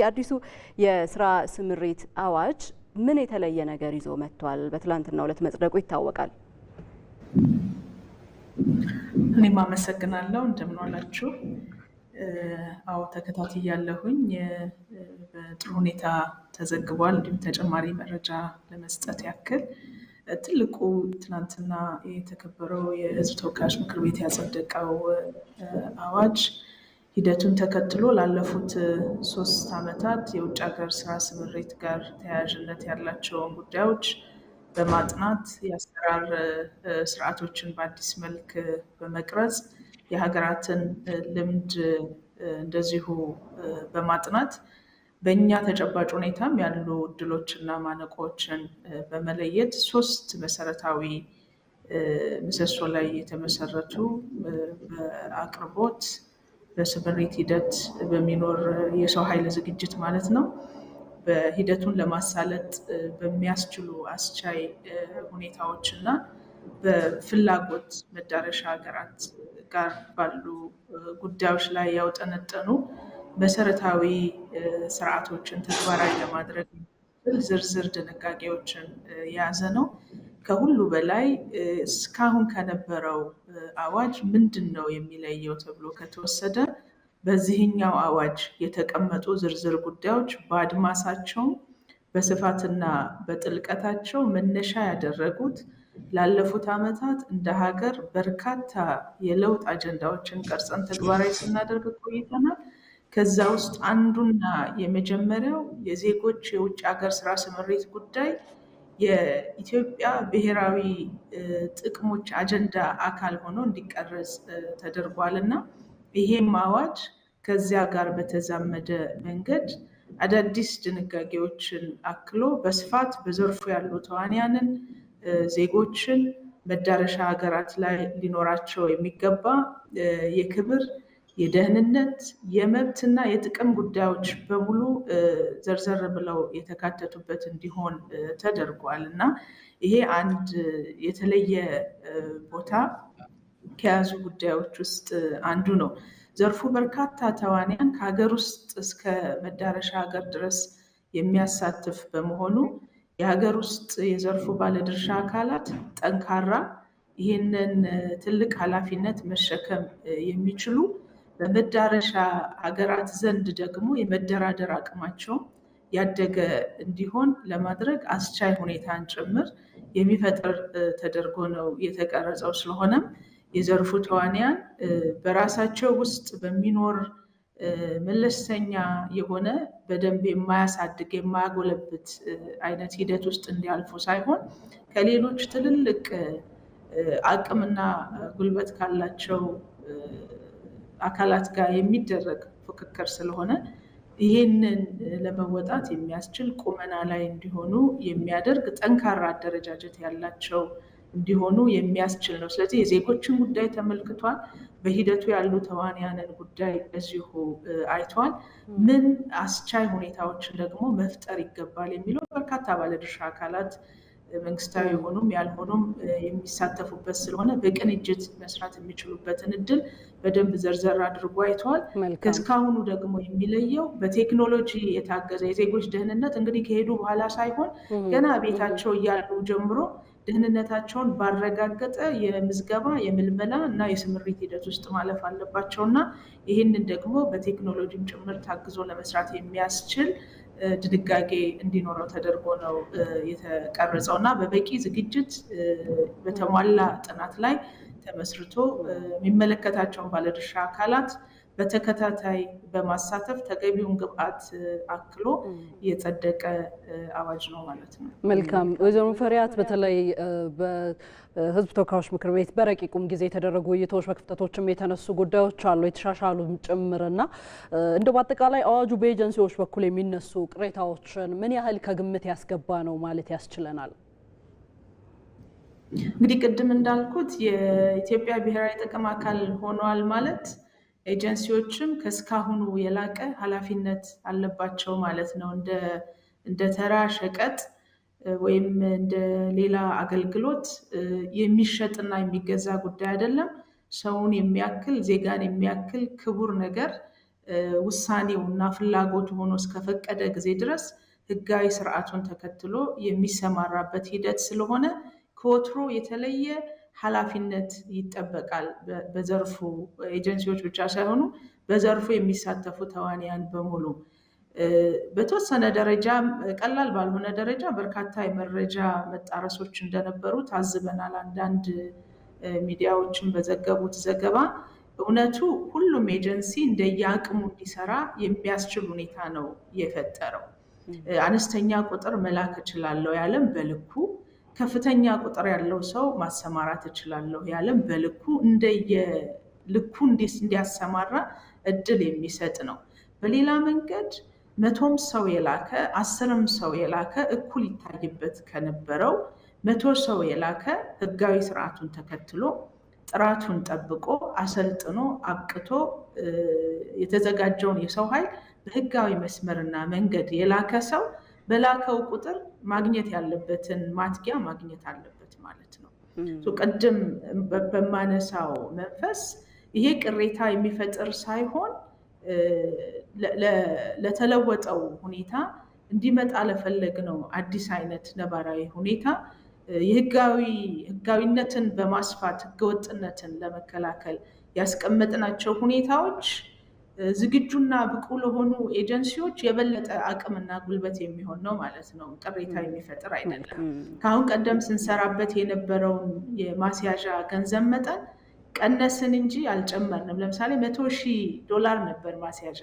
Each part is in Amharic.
የአዲሱ የስራ ስምሪት አዋጅ ምን የተለየ ነገር ይዞ መጥቷል? በትላንትና ዕለት መጽደቁ ይታወቃል። እኔም አመሰግናለሁ። እንደምን ዋላችሁ? አዎ ተከታትዬ ያለሁኝ በጥሩ ሁኔታ ተዘግቧል። እንዲሁም ተጨማሪ መረጃ ለመስጠት ያክል ትልቁ ትናንትና የተከበረው የህዝብ ተወካዮች ምክር ቤት ያጸደቀው አዋጅ ሂደቱን ተከትሎ ላለፉት ሶስት ዓመታት የውጭ ሀገር ስራ ስምሪት ጋር ተያያዥነት ያላቸውን ጉዳዮች በማጥናት የአሰራር ስርዓቶችን በአዲስ መልክ በመቅረጽ የሀገራትን ልምድ እንደዚሁ በማጥናት በእኛ ተጨባጭ ሁኔታም ያሉ እድሎችና ማነቆዎችን በመለየት ሶስት መሰረታዊ ምሰሶ ላይ የተመሰረቱ በአቅርቦት በስምሪት ሂደት በሚኖር የሰው ኃይል ዝግጅት ማለት ነው። በሂደቱን ለማሳለጥ በሚያስችሉ አስቻይ ሁኔታዎች እና በፍላጎት መዳረሻ ሀገራት ጋር ባሉ ጉዳዮች ላይ ያውጠነጠኑ መሰረታዊ ስርዓቶችን ተግባራዊ ለማድረግ ዝርዝር ድንጋጌዎችን የያዘ ነው። ከሁሉ በላይ እስካሁን ከነበረው አዋጅ ምንድን ነው የሚለየው ተብሎ ከተወሰደ በዚህኛው አዋጅ የተቀመጡ ዝርዝር ጉዳዮች በአድማሳቸው በስፋትና በጥልቀታቸው መነሻ ያደረጉት ላለፉት ዓመታት እንደ ሀገር በርካታ የለውጥ አጀንዳዎችን ቀርጸን ተግባራዊ ስናደርግ ቆይተናል። ከዛ ውስጥ አንዱና የመጀመሪያው የዜጎች የውጭ ሀገር ስራ ስምሪት ጉዳይ የኢትዮጵያ ብሔራዊ ጥቅሞች አጀንዳ አካል ሆኖ እንዲቀረጽ ተደርጓል እና ይሄም አዋጅ ከዚያ ጋር በተዛመደ መንገድ አዳዲስ ድንጋጌዎችን አክሎ በስፋት በዘርፉ ያሉ ተዋንያንን፣ ዜጎችን መዳረሻ ሀገራት ላይ ሊኖራቸው የሚገባ የክብር የደህንነት የመብትና የጥቅም ጉዳዮች በሙሉ ዘርዘር ብለው የተካተቱበት እንዲሆን ተደርጓል እና ይሄ አንድ የተለየ ቦታ ከያዙ ጉዳዮች ውስጥ አንዱ ነው። ዘርፉ በርካታ ተዋንያን ከሀገር ውስጥ እስከ መዳረሻ ሀገር ድረስ የሚያሳትፍ በመሆኑ የሀገር ውስጥ የዘርፉ ባለድርሻ አካላት ጠንካራ፣ ይህንን ትልቅ ኃላፊነት መሸከም የሚችሉ በመዳረሻ ሀገራት ዘንድ ደግሞ የመደራደር አቅማቸው ያደገ እንዲሆን ለማድረግ አስቻይ ሁኔታን ጭምር የሚፈጥር ተደርጎ ነው የተቀረጸው። ስለሆነም የዘርፉ ተዋንያን በራሳቸው ውስጥ በሚኖር መለስተኛ የሆነ በደንብ የማያሳድግ የማያጎለብት አይነት ሂደት ውስጥ እንዲያልፉ ሳይሆን ከሌሎች ትልልቅ አቅምና ጉልበት ካላቸው አካላት ጋር የሚደረግ ፉክክር ስለሆነ ይህንን ለመወጣት የሚያስችል ቁመና ላይ እንዲሆኑ የሚያደርግ ጠንካራ አደረጃጀት ያላቸው እንዲሆኑ የሚያስችል ነው። ስለዚህ የዜጎችን ጉዳይ ተመልክቷል። በሂደቱ ያሉ ተዋንያንን ጉዳይ እዚሁ አይተዋል። ምን አስቻይ ሁኔታዎችን ደግሞ መፍጠር ይገባል የሚለው በርካታ ባለድርሻ አካላት መንግስታዊ የሆኑም ያልሆኑም የሚሳተፉበት ስለሆነ በቅንጅት መስራት የሚችሉበትን እድል በደንብ ዘርዘር አድርጎ አይተዋል። ከእስካሁኑ ደግሞ የሚለየው በቴክኖሎጂ የታገዘ የዜጎች ደህንነት እንግዲህ ከሄዱ በኋላ ሳይሆን ገና ቤታቸው እያሉ ጀምሮ ደህንነታቸውን ባረጋገጠ የምዝገባ የምልመላ እና የስምሪት ሂደት ውስጥ ማለፍ አለባቸው እና ይህንን ደግሞ በቴክኖሎጂም ጭምር ታግዞ ለመስራት የሚያስችል ድንጋጌ እንዲኖረው ተደርጎ ነው የተቀረጸው እና በበቂ ዝግጅት በተሟላ ጥናት ላይ ተመስርቶ የሚመለከታቸውን ባለድርሻ አካላት በተከታታይ በማሳተፍ ተገቢውን ግብአት አክሎ የጸደቀ አዋጅ ነው ማለት ነው። መልካም ወይዘሮ ፈሪያት በተለይ በህዝብ ተወካዮች ምክር ቤት በረቂቁም ጊዜ የተደረጉ ውይይቶች በክፍተቶችም የተነሱ ጉዳዮች አሉ የተሻሻሉ ጭምርና እንደ በአጠቃላይ አዋጁ በኤጀንሲዎች በኩል የሚነሱ ቅሬታዎችን ምን ያህል ከግምት ያስገባ ነው ማለት ያስችለናል? እንግዲህ ቅድም እንዳልኩት የኢትዮጵያ ብሔራዊ ጥቅም አካል ሆኗል ማለት ኤጀንሲዎችም ከእስካሁኑ የላቀ ኃላፊነት አለባቸው ማለት ነው። እንደ ተራ ሸቀጥ ወይም እንደ ሌላ አገልግሎት የሚሸጥና የሚገዛ ጉዳይ አይደለም። ሰውን የሚያክል ዜጋን የሚያክል ክቡር ነገር ውሳኔው እና ፍላጎቱ ሆኖ እስከፈቀደ ጊዜ ድረስ ህጋዊ ስርዓቱን ተከትሎ የሚሰማራበት ሂደት ስለሆነ ከወትሮ የተለየ ኃላፊነት ይጠበቃል። በዘርፉ ኤጀንሲዎች ብቻ ሳይሆኑ በዘርፉ የሚሳተፉ ተዋንያን በሙሉ በተወሰነ ደረጃ ቀላል ባልሆነ ደረጃ በርካታ የመረጃ መጣረሶች እንደነበሩ ታዝበናል። አንዳንድ ሚዲያዎችን በዘገቡት ዘገባ እውነቱ ሁሉም ኤጀንሲ እንደየአቅሙ እንዲሰራ የሚያስችል ሁኔታ ነው የፈጠረው። አነስተኛ ቁጥር መላክ እችላለሁ ያለም በልኩ ከፍተኛ ቁጥር ያለው ሰው ማሰማራት እችላለሁ ያለም በልኩ እንደየልኩ እንዲያሰማራ እድል የሚሰጥ ነው። በሌላ መንገድ መቶም ሰው የላከ አስርም ሰው የላከ እኩል ይታይበት ከነበረው መቶ ሰው የላከ ህጋዊ ስርዓቱን ተከትሎ ጥራቱን ጠብቆ አሰልጥኖ አብቅቶ የተዘጋጀውን የሰው ኃይል በህጋዊ መስመርና መንገድ የላከ ሰው በላከው ቁጥር ማግኘት ያለበትን ማትጊያ ማግኘት አለበት ማለት ነው። ቅድም በማነሳው መንፈስ ይሄ ቅሬታ የሚፈጥር ሳይሆን ለተለወጠው ሁኔታ እንዲመጣ ለፈለግነው አዲስ አይነት ነባራዊ ሁኔታ ህጋዊነትን በማስፋት ህገወጥነትን ለመከላከል ያስቀመጥናቸው ሁኔታዎች ዝግጁና ብቁ ለሆኑ ኤጀንሲዎች የበለጠ አቅምና ጉልበት የሚሆን ነው ማለት ነው። ቅሬታ የሚፈጥር አይደለም። ከአሁን ቀደም ስንሰራበት የነበረውን የማስያዣ ገንዘብ መጠን ቀነስን እንጂ አልጨመርንም። ለምሳሌ መቶ ሺህ ዶላር ነበር ማስያዣ፣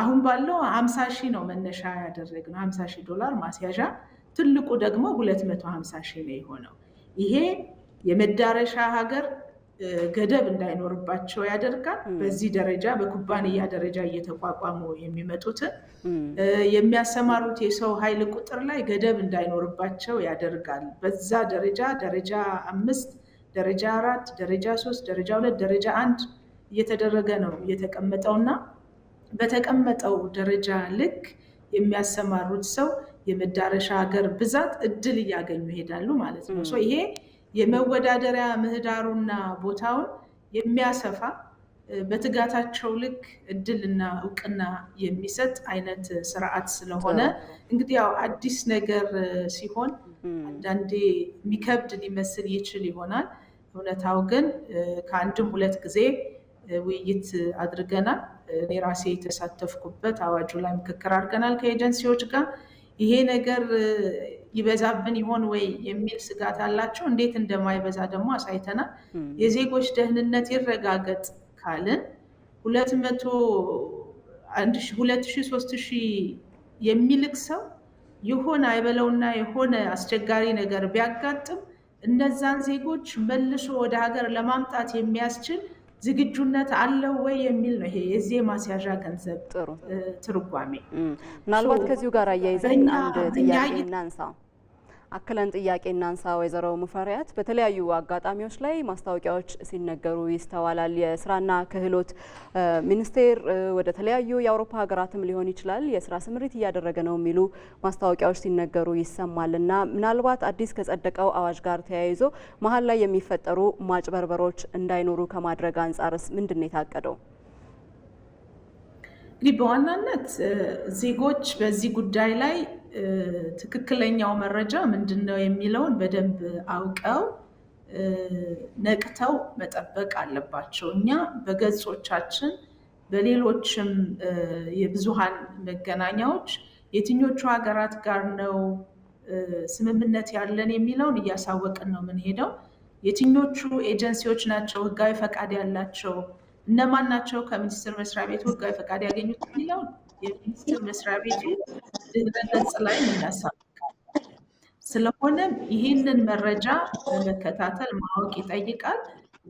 አሁን ባለው ሀምሳ ሺህ ነው መነሻ ያደረግነው። ሀምሳ ሺህ ዶላር ማስያዣ፣ ትልቁ ደግሞ ሁለት መቶ ሀምሳ ሺህ ነው የሆነው። ይሄ የመዳረሻ ሀገር ገደብ እንዳይኖርባቸው ያደርጋል። በዚህ ደረጃ በኩባንያ ደረጃ እየተቋቋሙ የሚመጡትን የሚያሰማሩት የሰው ኃይል ቁጥር ላይ ገደብ እንዳይኖርባቸው ያደርጋል። በዛ ደረጃ ደረጃ አምስት፣ ደረጃ አራት፣ ደረጃ ሶስት፣ ደረጃ ሁለት፣ ደረጃ አንድ እየተደረገ ነው የተቀመጠውና በተቀመጠው ደረጃ ልክ የሚያሰማሩት ሰው የመዳረሻ ሀገር ብዛት እድል እያገኙ ይሄዳሉ ማለት ነው ይሄ የመወዳደሪያ ምህዳሩና ቦታውን የሚያሰፋ በትጋታቸው ልክ እድልና እውቅና የሚሰጥ አይነት ስርዓት ስለሆነ እንግዲህ ያው አዲስ ነገር ሲሆን አንዳንዴ የሚከብድ ሊመስል ይችል ይሆናል። እውነታው ግን ከአንድም ሁለት ጊዜ ውይይት አድርገናል። እኔ ራሴ የተሳተፍኩበት አዋጁ ላይ ምክክር አድርገናል ከኤጀንሲዎች ጋር ይሄ ነገር ይበዛብን ይሆን ወይ የሚል ስጋት አላቸው። እንዴት እንደማይበዛ ደግሞ አሳይተናል። የዜጎች ደህንነት ይረጋገጥ ካልን ሁለት መቶ ሁለት የሚልቅ ሰው የሆነ አይበለውና የሆነ አስቸጋሪ ነገር ቢያጋጥም እነዛን ዜጎች መልሶ ወደ ሀገር ለማምጣት የሚያስችል ዝግጁነት አለው ወይ የሚል ነው። ይሄ የዚህ ማስያዣ ገንዘብ ጥሩ ትርጓሜ ምናልባት ከዚሁ ጋር አያይዘን አንድ ጥያቄ እናንሳ። አክለን ጥያቄ እናንሳ። ወይዘሮ ሙፈሪያት በተለያዩ አጋጣሚዎች ላይ ማስታወቂያዎች ሲነገሩ ይስተዋላል። የስራና ክህሎት ሚኒስቴር ወደ ተለያዩ የአውሮፓ ሀገራትም ሊሆን ይችላል የስራ ስምሪት እያደረገ ነው የሚሉ ማስታወቂያዎች ሲነገሩ ይሰማል እና ምናልባት አዲስ ከጸደቀው አዋጅ ጋር ተያይዞ መሀል ላይ የሚፈጠሩ ማጭበርበሮች እንዳይኖሩ ከማድረግ አንጻርስ ምንድን ነው የታቀደው? እንግዲህ በዋናነት ዜጎች በዚህ ጉዳይ ላይ ትክክለኛው መረጃ ምንድን ነው የሚለውን በደንብ አውቀው ነቅተው መጠበቅ አለባቸው። እኛ በገጾቻችን በሌሎችም የብዙሃን መገናኛዎች የትኞቹ ሀገራት ጋር ነው ስምምነት ያለን የሚለውን እያሳወቅን ነው የምንሄደው። የትኞቹ ኤጀንሲዎች ናቸው ህጋዊ ፈቃድ ያላቸው፣ እነማን ናቸው ከሚኒስቴር መስሪያ ቤቱ ህጋዊ ፈቃድ ያገኙት የሚለውን የሚኒስቴር መስሪያ ቤቱ ድህረ ላይ እናሳውቃል። ስለሆነም ይህንን መረጃ በመከታተል ማወቅ ይጠይቃል።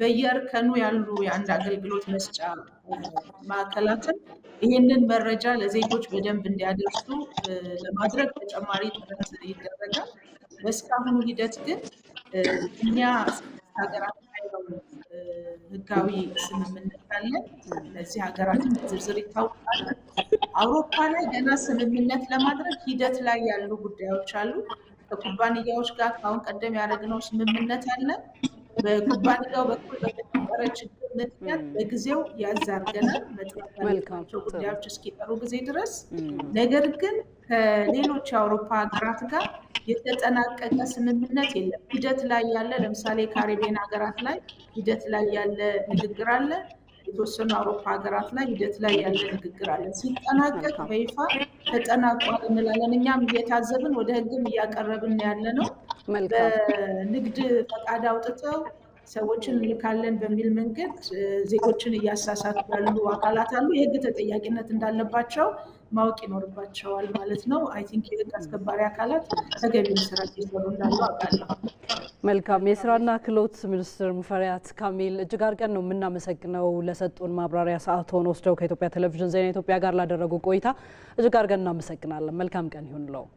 በየእርከኑ ያሉ የአንድ አገልግሎት መስጫ ማዕከላትን ይህንን መረጃ ለዜጎች በደንብ እንዲያደርሱ ለማድረግ ተጨማሪ ጥረት ይደረጋል። በእስካሁኑ ሂደት ግን እኛ ሀገራት ህጋዊ ስምምነት አለ። ለዚህ ሀገራትን በዝርዝር ይታወቃል። አውሮፓ ላይ ገና ስምምነት ለማድረግ ሂደት ላይ ያሉ ጉዳዮች አሉ። ከኩባንያዎች ጋር ከአሁን ቀደም ያደረግነው ስምምነት አለ። በኩባንያው በኩል በተፈጠረ ችግር ምክንያት በጊዜው ያዝ አድርገናል መጥራት ያለባቸው ጉዳዮች እስኪጠሩ ጊዜ ድረስ። ነገር ግን ከሌሎች የአውሮፓ ሀገራት ጋር የተጠናቀቀ ስምምነት የለም። ሂደት ላይ ያለ ለምሳሌ ካሪቢያን ሀገራት ላይ ሂደት ላይ ያለ ንግግር አለ። የተወሰኑ አውሮፓ ሀገራት ላይ ሂደት ላይ ያለ ንግግር አለ። ሲጠናቀቅ በይፋ ተጠናቋል እንላለን። እኛም እየታዘብን ወደ ሕግም እያቀረብን ያለ ነው። በንግድ ፈቃድ አውጥተው ሰዎችን እንልካለን በሚል መንገድ ዜጎችን እያሳሳቱ ያሉ አካላት አሉ። የህግ ተጠያቂነት እንዳለባቸው ማወቅ ይኖርባቸዋል ማለት ነው። አይ ቲንክ የህግ አስከባሪ አካላት ተገቢውን ስራ እየሰሩ እንዳሉ አውቃለሁ። መልካም የስራና ክህሎት ሚኒስትር ሙፈሪያት ካሚል እጅግ አድርገን ነው የምናመሰግነው ለሰጡን ማብራሪያ፣ ሆኖ ወስደው ከኢትዮጵያ ቴሌቪዥን ዜና ኢትዮጵያ ጋር ላደረጉ ቆይታ እጅግ አድርገን እናመሰግናለን። መልካም ቀን ይሁንልዎ።